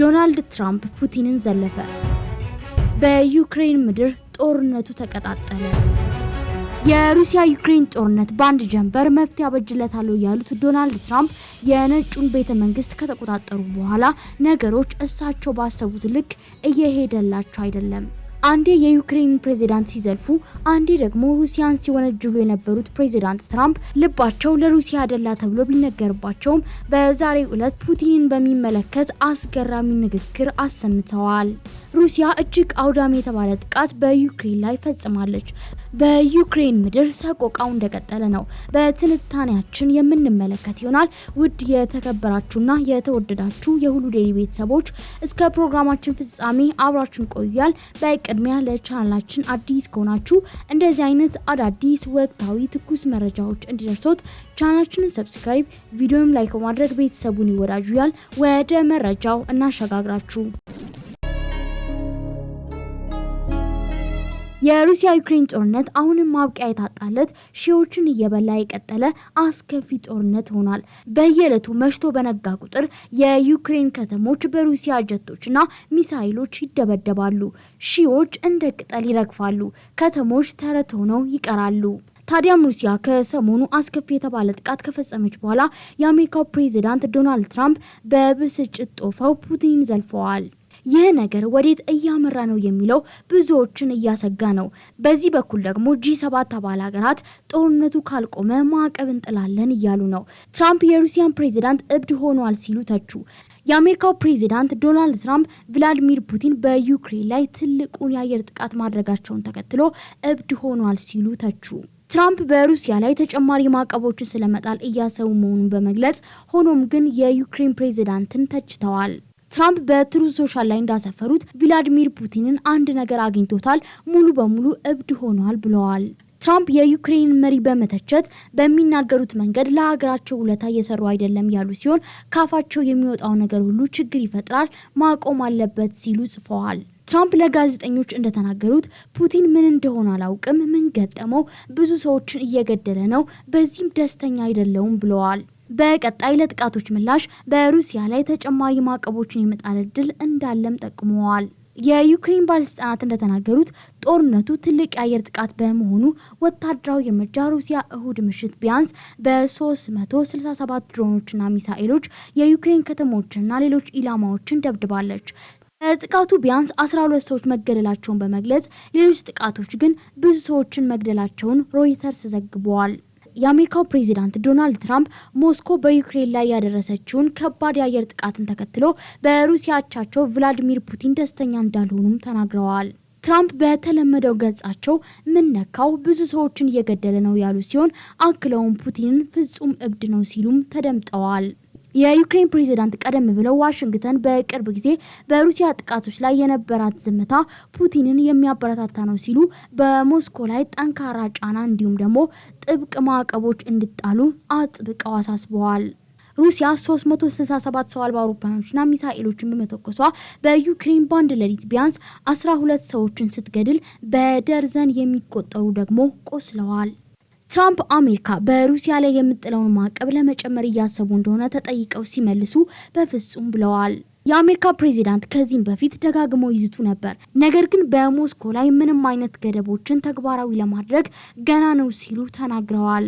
ዶናልድ ትራምፕ ፑቲንን ዘለፈ። በዩክሬን ምድር ጦርነቱ ተቀጣጠለ። የሩሲያ ዩክሬን ጦርነት በአንድ ጀንበር መፍትሄ አበጅለታለሁ ያሉት ዶናልድ ትራምፕ የነጩን ቤተ መንግስት ከተቆጣጠሩ በኋላ ነገሮች እሳቸው ባሰቡት ልክ እየሄደላቸው አይደለም። አንዴ የዩክሬን ፕሬዚዳንት ሲዘልፉ፣ አንዴ ደግሞ ሩሲያን ሲወነጅሉ የነበሩት ፕሬዚዳንት ትራምፕ ልባቸው ለሩሲያ አደላ ተብሎ ቢነገርባቸውም በዛሬው ዕለት ፑቲንን በሚመለከት አስገራሚ ንግግር አሰምተዋል። ሩሲያ እጅግ አውዳሚ የተባለ ጥቃት በዩክሬን ላይ ፈጽማለች። በዩክሬን ምድር ሰቆቃው እንደቀጠለ ነው። በትንታኔያችን የምንመለከት ይሆናል። ውድ የተከበራችሁና የተወደዳችሁ የሁሉ ዴይሊ ቤተሰቦች እስከ ፕሮግራማችን ፍጻሜ አብራችን ቆያል። በቅድሚያ ለቻናላችን አዲስ ከሆናችሁ እንደዚህ አይነት አዳዲስ ወቅታዊ ትኩስ መረጃዎች እንዲደርሶት ቻናላችንን ሰብስክራይብ፣ ቪዲዮም ላይክ በማድረግ ቤተሰቡን ይወዳጁያል። ወደ መረጃው እናሸጋግራችሁ። የሩሲያ ዩክሬን ጦርነት አሁንም ማብቂያ የታጣለት ሺዎችን እየበላ የቀጠለ አስከፊ ጦርነት ሆኗል። በየዕለቱ መሽቶ በነጋ ቁጥር የዩክሬን ከተሞች በሩሲያ ጀቶችና ሚሳይሎች ይደበደባሉ። ሺዎች እንደ ቅጠል ይረግፋሉ። ከተሞች ተረት ሆነው ይቀራሉ። ታዲያም ሩሲያ ከሰሞኑ አስከፊ የተባለ ጥቃት ከፈጸመች በኋላ የአሜሪካው ፕሬዚዳንት ዶናልድ ትራምፕ በብስጭት ጦፈው ፑቲን ዘልፈዋል። ይህ ነገር ወዴት እያመራ ነው የሚለው ብዙዎችን እያሰጋ ነው። በዚህ በኩል ደግሞ ጂ7 አባል ሀገራት ጦርነቱ ካልቆመ ማዕቀብ እንጥላለን እያሉ ነው። ትራምፕ የሩሲያን ፕሬዚዳንት እብድ ሆኗል ሲሉ ተቹ። የአሜሪካው ፕሬዚዳንት ዶናልድ ትራምፕ ቭላዲሚር ፑቲን በዩክሬን ላይ ትልቁን የአየር ጥቃት ማድረጋቸውን ተከትሎ እብድ ሆኗል ሲሉ ተቹ። ትራምፕ በሩሲያ ላይ ተጨማሪ ማዕቀቦችን ስለመጣል እያሰቡ መሆኑን በመግለጽ ሆኖም ግን የዩክሬን ፕሬዚዳንትን ተችተዋል። ትራምፕ በትሩ ሶሻል ላይ እንዳሰፈሩት ቪላዲሚር ፑቲንን አንድ ነገር አግኝቶታል፣ ሙሉ በሙሉ እብድ ሆኗል ብለዋል። ትራምፕ የዩክሬን መሪ በመተቸት በሚናገሩት መንገድ ለሀገራቸው ውለታ እየሰሩ አይደለም ያሉ ሲሆን ካፋቸው የሚወጣው ነገር ሁሉ ችግር ይፈጥራል፣ ማቆም አለበት ሲሉ ጽፈዋል። ትራምፕ ለጋዜጠኞች እንደተናገሩት ፑቲን ምን እንደሆነ አላውቅም፣ ምን ገጠመው፣ ብዙ ሰዎችን እየገደለ ነው፣ በዚህም ደስተኛ አይደለውም ብለዋል። በቀጣይ ለጥቃቶች ምላሽ በሩሲያ ላይ ተጨማሪ ማዕቀቦችን የመጣል እድል እንዳለም ጠቁመዋል። የዩክሬን ባለስልጣናት እንደተናገሩት ጦርነቱ ትልቅ የአየር ጥቃት በመሆኑ ወታደራዊ እርምጃ ሩሲያ እሁድ ምሽት ቢያንስ በ367 ድሮኖችና ሚሳኤሎች የዩክሬን ከተሞችና ሌሎች ኢላማዎችን ደብድባለች። ጥቃቱ ቢያንስ 12 ሰዎች መገደላቸውን በመግለጽ ሌሎች ጥቃቶች ግን ብዙ ሰዎችን መግደላቸውን ሮይተርስ ዘግበዋል። የአሜሪካው ፕሬዚዳንት ዶናልድ ትራምፕ ሞስኮ በዩክሬን ላይ ያደረሰችውን ከባድ የአየር ጥቃትን ተከትሎ በሩሲያ ቭላዲሚር ፑቲን ደስተኛ እንዳልሆኑም ተናግረዋል። ትራምፕ በተለመደው ገጻቸው ምን ነካው ብዙ ሰዎችን እየገደለ ነው ያሉ ሲሆን አክለውም ፑቲንን ፍጹም እብድ ነው ሲሉም ተደምጠዋል። የዩክሬን ፕሬዚዳንት ቀደም ብለው ዋሽንግተን በቅርብ ጊዜ በሩሲያ ጥቃቶች ላይ የነበራት ዝምታ ፑቲንን የሚያበረታታ ነው ሲሉ በሞስኮ ላይ ጠንካራ ጫና እንዲሁም ደግሞ ጥብቅ ማዕቀቦች እንዲጣሉ አጥብቀው አሳስበዋል። ሩሲያ 367 ሰው አልባ አውሮፕላኖችና ሚሳኤሎችን በመተኮሷ በዩክሬን ባንድ ሌሊት ቢያንስ 12 ሰዎችን ስትገድል በደርዘን የሚቆጠሩ ደግሞ ቆስለዋል። ትራምፕ አሜሪካ በሩሲያ ላይ የምጥለውን ማዕቀብ ለመጨመር እያሰቡ እንደሆነ ተጠይቀው ሲመልሱ በፍጹም ብለዋል። የአሜሪካ ፕሬዚዳንት ከዚህም በፊት ደጋግሞ ይዝቱ ነበር፣ ነገር ግን በሞስኮ ላይ ምንም አይነት ገደቦችን ተግባራዊ ለማድረግ ገና ነው ሲሉ ተናግረዋል።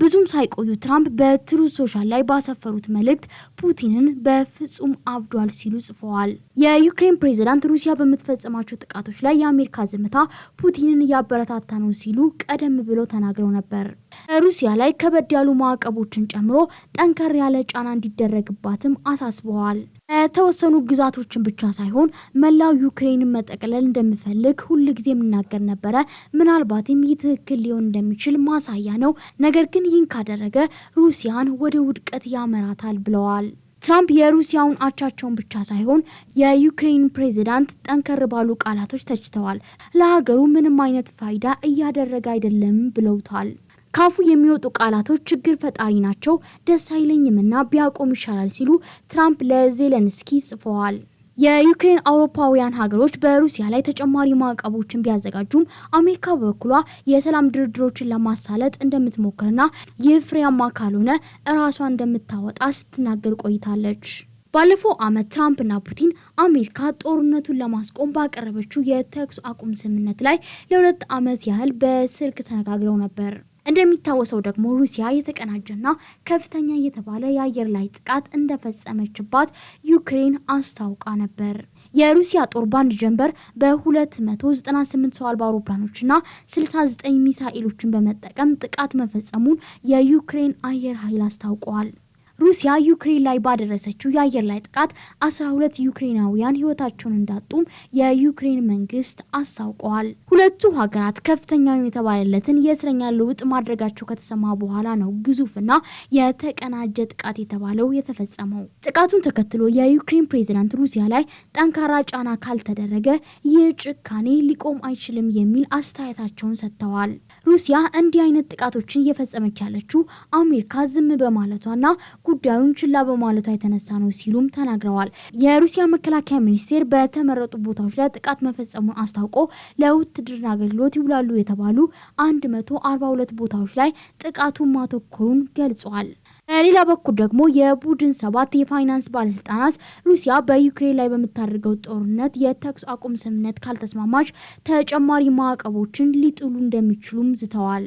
ብዙም ሳይቆዩ ትራምፕ በትሩዝ ሶሻል ላይ ባሰፈሩት መልእክት ፑቲንን በፍጹም አብዷል ሲሉ ጽፈዋል። የዩክሬን ፕሬዚዳንት ሩሲያ በምትፈጽማቸው ጥቃቶች ላይ የአሜሪካ ዝምታ ፑቲንን እያበረታታ ነው ሲሉ ቀደም ብለው ተናግረው ነበር። ሩሲያ ላይ ከበድ ያሉ ማዕቀቦችን ጨምሮ ጠንከር ያለ ጫና እንዲደረግባትም አሳስበዋል። ተወሰኑ ግዛቶችን ብቻ ሳይሆን መላው ዩክሬንን መጠቅለል እንደምፈልግ ሁል ጊዜ የምናገር ነበረ። ምናልባትም ይህ ትክክል ሊሆን እንደሚችል ማሳያ ነው። ነገር ግን ይህን ካደረገ ሩሲያን ወደ ውድቀት ያመራታል ብለዋል። ትራምፕ የሩሲያውን አቻቸውን ብቻ ሳይሆን የዩክሬን ፕሬዚዳንት ጠንከር ባሉ ቃላቶች ተችተዋል። ለሀገሩ ምንም አይነት ፋይዳ እያደረገ አይደለም ብለውታል። ካፉ የሚወጡ ቃላቶች ችግር ፈጣሪ ናቸው፣ ደስ አይለኝምና ቢያቆም ይሻላል ሲሉ ትራምፕ ለዜለንስኪ ጽፈዋል። የዩክሬን አውሮፓውያን ሀገሮች በሩሲያ ላይ ተጨማሪ ማዕቀቦችን ቢያዘጋጁም አሜሪካ በበኩሏ የሰላም ድርድሮችን ለማሳለጥ እንደምትሞክርና ይህ ፍሬያማ ካልሆነ እራሷ እንደምታወጣ ስትናገር ቆይታለች። ባለፈው ዓመት ትራምፕና ፑቲን አሜሪካ ጦርነቱን ለማስቆም ባቀረበችው የተኩስ አቁም ስምምነት ላይ ለሁለት ዓመት ያህል በስልክ ተነጋግረው ነበር። እንደሚታወሰው ደግሞ ሩሲያ የተቀናጀና ከፍተኛ የተባለ የአየር ላይ ጥቃት እንደፈጸመችባት ዩክሬን አስታውቃ ነበር። የሩሲያ ጦር ባንድ ጀንበር በ298 ሰው አልባ አውሮፕላኖችና 69 ሚሳኤሎችን በመጠቀም ጥቃት መፈጸሙን የዩክሬን አየር ኃይል አስታውቀዋል። ሩሲያ ዩክሬን ላይ ባደረሰችው የአየር ላይ ጥቃት 12 ዩክሬናውያን ህይወታቸውን እንዳጡም የዩክሬን መንግስት አስታውቀዋል። ሁለቱ ሀገራት ከፍተኛ የተባለለትን የእስረኛ ልውጥ ማድረጋቸው ከተሰማ በኋላ ነው ግዙፍና የተቀናጀ ጥቃት የተባለው የተፈጸመው። ጥቃቱን ተከትሎ የዩክሬን ፕሬዚዳንት ሩሲያ ላይ ጠንካራ ጫና ካልተደረገ ይህ ጭካኔ ሊቆም አይችልም የሚል አስተያየታቸውን ሰጥተዋል። ሩሲያ እንዲህ አይነት ጥቃቶችን እየፈጸመች ያለችው አሜሪካ ዝም በማለቷና ጉዳዩን ችላ በማለቷ የተነሳ ነው ሲሉም ተናግረዋል። የሩሲያ መከላከያ ሚኒስቴር በተመረጡ ቦታዎች ላይ ጥቃት መፈጸሙን አስታውቆ ለውትድርና አገልግሎት ይውላሉ የተባሉ 142 ቦታዎች ላይ ጥቃቱን ማተኮሩን ገልጿል። በሌላ በኩል ደግሞ የቡድን ሰባት የፋይናንስ ባለስልጣናት ሩሲያ በዩክሬን ላይ በምታደርገው ጦርነት የተኩስ አቁም ስምምነት ካልተስማማች ተጨማሪ ማዕቀቦችን ሊጥሉ እንደሚችሉም ዝተዋል።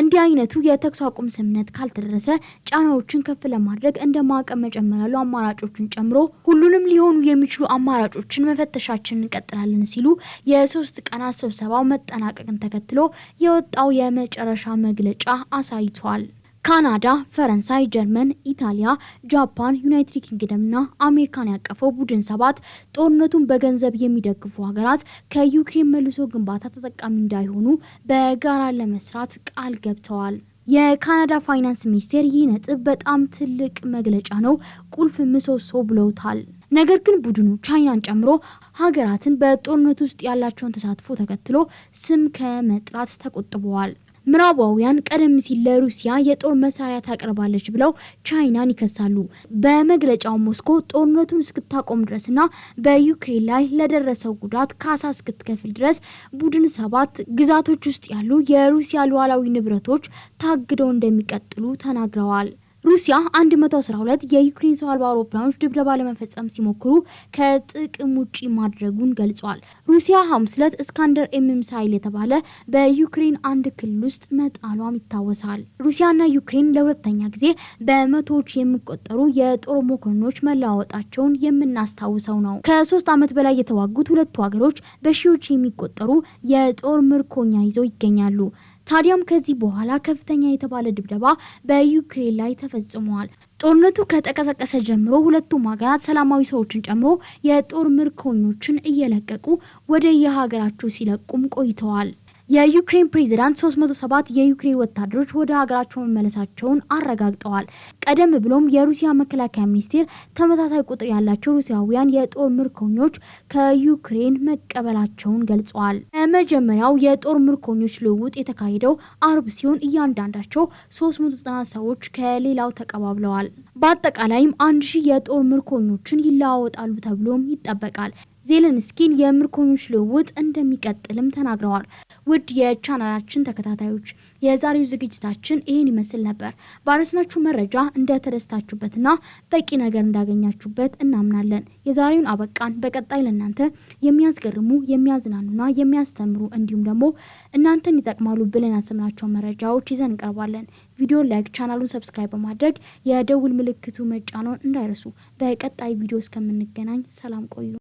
እንዲህ አይነቱ የተኩስ አቁም ስምምነት ካልተደረሰ ጫናዎችን ከፍ ለማድረግ እንደ ማዕቀብ መጨመር ያሉ አማራጮችን ጨምሮ ሁሉንም ሊሆኑ የሚችሉ አማራጮችን መፈተሻችን እንቀጥላለን ሲሉ የሶስት ቀናት ስብሰባው መጠናቀቅን ተከትሎ የወጣው የመጨረሻ መግለጫ አሳይቷል። ካናዳ፣ ፈረንሳይ፣ ጀርመን፣ ኢታሊያ፣ ጃፓን፣ ዩናይትድ እና አሜሪካን ያቀፈው ቡድን ሰባት ጦርነቱን በገንዘብ የሚደግፉ ሀገራት ከዩክሬን መልሶ ግንባታ ተጠቃሚ እንዳይሆኑ በጋራ ለመስራት ቃል ገብተዋል። የካናዳ ፋይናንስ ሚኒስቴር ይህ ነጥብ በጣም ትልቅ መግለጫ ነው፣ ቁልፍ ምሰሶ ብለውታል። ነገር ግን ቡድኑ ቻይናን ጨምሮ ሀገራትን በጦርነት ውስጥ ያላቸውን ተሳትፎ ተከትሎ ስም ከመጥራት ተቆጥበዋል። ምዕራባውያን ቀደም ሲል ለሩሲያ የጦር መሳሪያ ታቀርባለች ብለው ቻይናን ይከሳሉ። በመግለጫው ሞስኮ ጦርነቱን እስክታቆም ድረስና በዩክሬን ላይ ለደረሰው ጉዳት ካሳ እስክትከፍል ድረስ ቡድን ሰባት ግዛቶች ውስጥ ያሉ የሩሲያ ሉዓላዊ ንብረቶች ታግደው እንደሚቀጥሉ ተናግረዋል። ሩሲያ 112 የዩክሬን ሰው አልባ አውሮፕላኖች ድብደባ ለመፈጸም ሲሞክሩ ከጥቅም ውጪ ማድረጉን ገልጿል። ሩሲያ ሐሙስ ዕለት እስካንደር ኤም ሚሳይል የተባለ በዩክሬን አንድ ክልል ውስጥ መጣሏም ይታወሳል። ሩሲያና ዩክሬን ለሁለተኛ ጊዜ በመቶዎች የሚቆጠሩ የጦር መኮንኖች መለዋወጣቸውን የምናስታውሰው ነው። ከሶስት ዓመት በላይ የተዋጉት ሁለቱ ሀገሮች በሺዎች የሚቆጠሩ የጦር ምርኮኛ ይዘው ይገኛሉ። ታዲያም ከዚህ በኋላ ከፍተኛ የተባለ ድብደባ በዩክሬን ላይ ተፈጽሟል። ጦርነቱ ከተቀሰቀሰ ጀምሮ ሁለቱም ሀገራት ሰላማዊ ሰዎችን ጨምሮ የጦር ምርኮኞችን እየለቀቁ ወደ የሀገራቸው ሲለቁም ቆይተዋል። የዩክሬን ፕሬዚዳንት 307 የዩክሬን ወታደሮች ወደ ሀገራቸው መመለሳቸውን አረጋግጠዋል። ቀደም ብሎም የሩሲያ መከላከያ ሚኒስቴር ተመሳሳይ ቁጥር ያላቸው ሩሲያውያን የጦር ምርኮኞች ከዩክሬን መቀበላቸውን ገልጸዋል። በመጀመሪያው የጦር ምርኮኞች ልውውጥ የተካሄደው አርብ ሲሆን እያንዳንዳቸው 390 ሰዎች ከሌላው ተቀባብለዋል። በአጠቃላይም አንድ ሺህ የጦር ምርኮኞችን ይለዋወጣሉ ተብሎም ይጠበቃል። ዜሌንስኪን የምርኮኞች ልውውጥ እንደሚቀጥልም ተናግረዋል። ውድ የቻናላችን ተከታታዮች የዛሬው ዝግጅታችን ይህን ይመስል ነበር። ባረስናችሁ መረጃ እንደተደስታችሁበትና በቂ ነገር እንዳገኛችሁበት እናምናለን። የዛሬውን አበቃን። በቀጣይ ለእናንተ የሚያስገርሙ የሚያዝናኑና የሚያስተምሩ እንዲሁም ደግሞ እናንተን ይጠቅማሉ ብለን ያሰብናቸውን መረጃዎች ይዘን እንቀርባለን። ቪዲዮ ላይክ፣ ቻናሉን ሰብስክራይብ በማድረግ የደውል ምልክቱ መጫኖን እንዳይረሱ። በቀጣይ ቪዲዮ እስከምንገናኝ ሰላም ቆዩ።